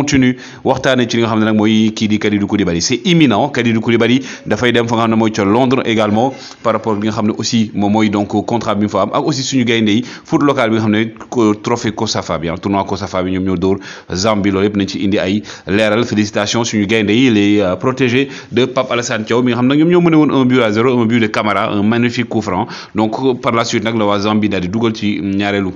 continue waxtane ci li nga xam nak moy ki kii di Kalidou Koulibaly c'est imminent Kalidou Koulibaly fay dem fa nga xam moy ci Londres également par rapport li nga xam aussi mom moy donc contrat bi mu fa am ak aussi suñu gaynde yi foot local bi nga xam trophée COSAFA bi hein, tournoi COSAFA bi ñoom ñoo dóor Zambie loolu yëpp nañ ci indi ay léral félicitations suñu gaynde yi les euh, protégés de Pape Alassane Thiaw mi nga xam ñom nag ñoom ñoo mëne woon un but à zéro un but de Camara un magnifique coup franc donc par la suite nak le wa Zambie dal di duggal ci ñaarelu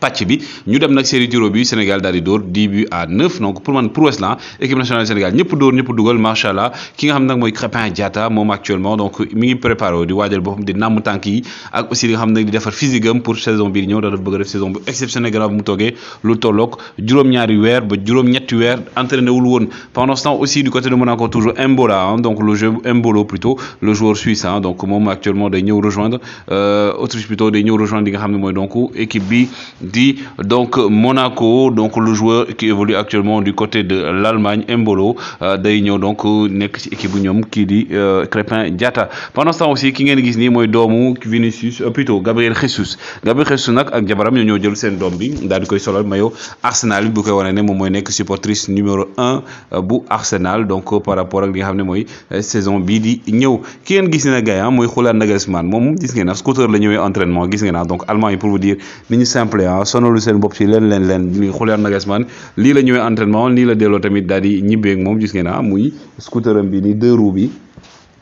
pàcc bi ñu dem nag série tiro bi Sénégal daal di 10 buts à 9 donc pour man prouesse la équipe nationale Sénégal ñëpp d'or, ñëpp dugal macha allah ki nga xam nag mooy Crépin Diatta moom actuellement donc mi préparo. préparé di waajal boppam di nàmm tànk yi ak aussi li nga xam nag di defar physique am pour saison bii ñëw dafa bëgg a def saison bu exceptionnel gannaaw bu mu toogee lu tolloog juróom-ñaari weer ba juróom-ñetti weer entraîné wul woon pendant ce temps aussi du côté de Monaco toujours Mbola hein. donc le jeu Mbolo plutôt le joueur suisse hein. donc moom actuellement de ñëw rejoindre euh, Autriche plutôt de ñëw rejoindre li nga xam ne donc équipe bi dit donc Monaco donc le joueur qui évolue actuellement du côté de l'Allemagne Mbolo euh, day ñëw donc nek ci équipe di euh, Crépin diata pendant ce temps aussi ki ngeen gis ni moy Domou, Vinicius euh, plutôt Gabriel Jesus Gabriel Jesus nak ak jabaram ñoo jël seen dom bi dal di koy solal Arsenal bi bu koy wone ne mom moy nek supportrice numéro un bu Arsenal donc par rapport ak li nga xam moy mooy saison bi di ñëw ki ngeen gis ne nag moy yi ah, mooy Julian Nagelsmann moom gis ngeen na ah, scooter la ñëwee entraînement gis ngeen na ah, donc allemand pour vous dire ni ñu simple waaw sonalu seen bopp ci leen leen leen xuleer nagesman lii la ñëwee entraînement lii la delloo tamit daal di ñibbeeg moom gis ngeen ah muy scooteram bi ni deux bi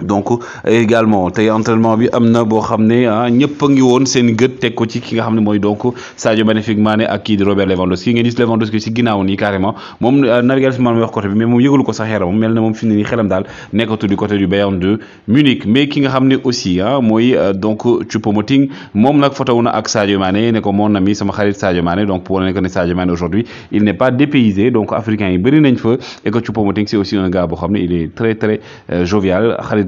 donc également tay entraînement bi amna bo xamné ñepp ne ah, a ngi woon seen geut tek ko ci ki nga xamné moy donc Sadio magnifique Mané ak ki di Robert Lewandowski ngeen gis Lewandowski ci ginaaw ni carrément mom Naby Simon mi wax côté bi mais mom yëgalu ko sax xéram moom mel na moom fi ne nii xelam daal nekkatu du côté du Bayern de Munich mais ki nga xamné aussi hein ah, moy euh, donc Choupo-Moting mom nak fotowu ak Sadio Mané ne ko mon ami sama xarit Sadio Mané donc pour wane que ne Sadio Mané aujourd'hui il n'est pas dépaysé donc africain yi bari nañ fa et que Choupo-Moting c'est aussi un gars bo xamné ne il est très très euh, jovial xarit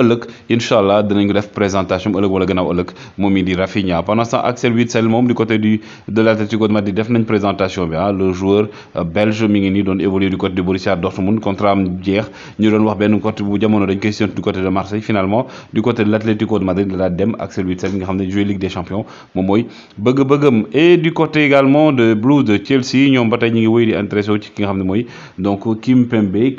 ëllëg inshallah allah dinañ def présentation ëllëg wala gënaaw ëllëg moom di Rafinha pendant ce temps Axel Witsel moom du côté du de l'Atlético de Madrid def nañ présentation bi ah. le joueur euh, belge mi ngi nii évoluer du côté de Borussia Dortmund contrat am jeex ñu doon wax benn côté bu jamono dañ koy du côté de Marseille finalement du côté de l'Atlético de Madrid la dem Axel Witsel mi nga xam ne joué Ligue des Champions moom mooy bëgg-bëggam et du côté également de Blues de Chelsea ñoom ba tey ñu ngi wéy di intéressé ci ki nga donc kim pembe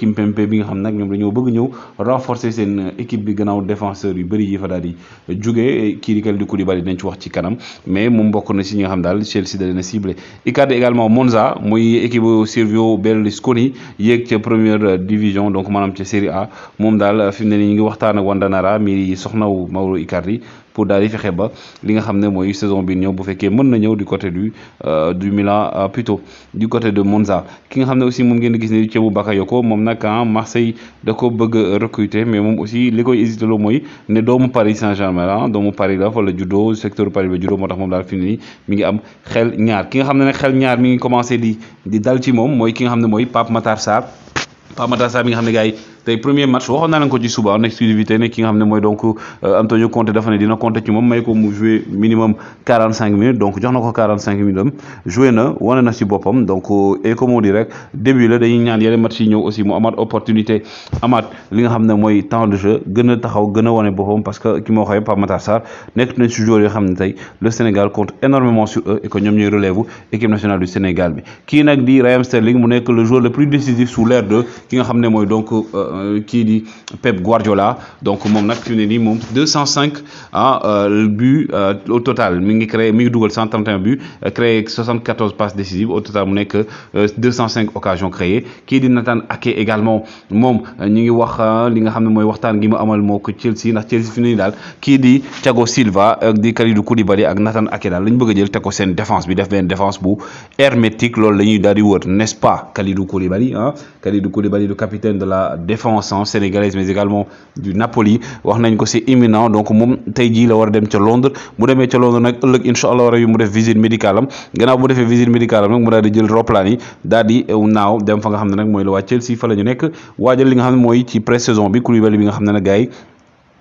bi nga xam nag ñoom dañoo bëgg ñëw renforcer seen euh, équipe bi gannaaw défenseur yu bëri yi fa daal di jóge kii di Kalidou Koulibaly dinañ ci wax ci kanam mais moom bokk na ci ñi nga xam daal Chelsea da leen a ciblé Icardi également Monza muy équipe Silvio Berlusconi yéeg ca première division donc maanaam ca Serie A moom daal fi mu ne nii ñu ngi waxtaan ak Wandanara mi soxnaw Mauro Icardi pour daal di fexe ba li nga xam ne mooy saison bi ñëw bu fekkee mën na ñëw du côté du euh, du Milan euh, plutôt du côté de Monza ki nga xam ne aussi moom ngeen di gis ne Thiabou Bakayoko moom nag ah Marseille da ko bëgg recruter mais moom aussi li koy hésité loo mooy ne doomu Paris Saint-Germain la ah, doomu Paris la fa la juddoo secteur Paris la juddoo moom daal fi nii mi ngi am xel ñaar ki nga xam ne nag xel ñaar mi ngi commencé di di dal ci moom mooy ki nga xam ne mooy Pape Matar Sarr Pape Matar Sarr mi nga xam ne gars tey premier match waxon naa leen ko ci suba en exclusivité ne ki nga xam moy mooy donc euh, Antonio Conte dafa ne dina compter ci mom may ko mu jouer minimum 45 minutes donc jox nako 45 minutes am joué na woné na ci bopam donc euh, et comme on dit rek début la dañuy ñaan yele match yi ñëw aussi mu amat opportunité amat li nga xam moy temps de jeu gëna taxaw gëna woné bopam parce que ki mo waxee Pape Matar Sarr nekk ci si joueur yoo xam tay le Sénégal compte énormément sur eux et que ñoom relève équipe nationale du Sénégal bi ki nak di Raheem Sterling mu nek le joueur le plus décisif sous l'ère de ki nga xam moy donc. Euh, qui euh, dit Pep Guardiola donc mom nak, fi 205 ah, euh, but euh, au total Mingi créé 131 but créé 74 passes décisives au total mu 205 occasions créées Qui dit Nathan Ake également mom ñu ngi wax li nga xam amal moo Chelsea ndax Chelsea Thiago Silva ak di Kalidou Koulibaly ak Nathan Ake dal. la ñu bëgg jël défense bi def défense bu hermétique loolu la ñuy n'est-ce pas Kalidou Koulibaly hein, Kalidou Koulibaly le capitaine de la défense défense en mais également du Napoli wax ko c'est imminent donc on la wara dem ci Londres Londres nak inshallah wara yu mu def visite médicale une visite médicale yi euh, dem fa nga ne saison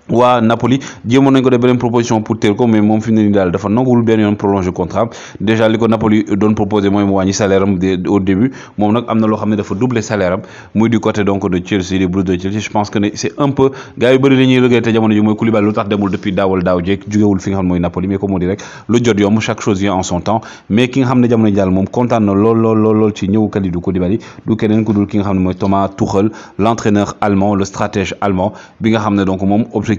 wa Napoli jéemoon nañ ko def beneen proposition pour teel mais mom fi mu ne dafa nanguwul ben yoon prolonger contrat déjà liko Napoli donne proposer moy mo wàññi salaire am au début mom nak amna lo loo dafa doubler salaire am muy du côté donc de Chelsea les Blues de Chelsea je pense que c'est un peu gars yu bëri la ñuy regretté jamono yu moy Koulibaly lutax demul depuis daawal daaw jéeg wul fi nga xam moy Napoli mais comme on dit rek lu jot yom chaque chose vient en son temps mais ki nga xam jamono dal mom contane lol na lol lool lool lool ci ñëw Kalidou Koulibaly du kenen ku dul ki nga xam moy Thomas Tuchel l'entraîneur allemand le stratège allemand bi nga xam donc mom objectif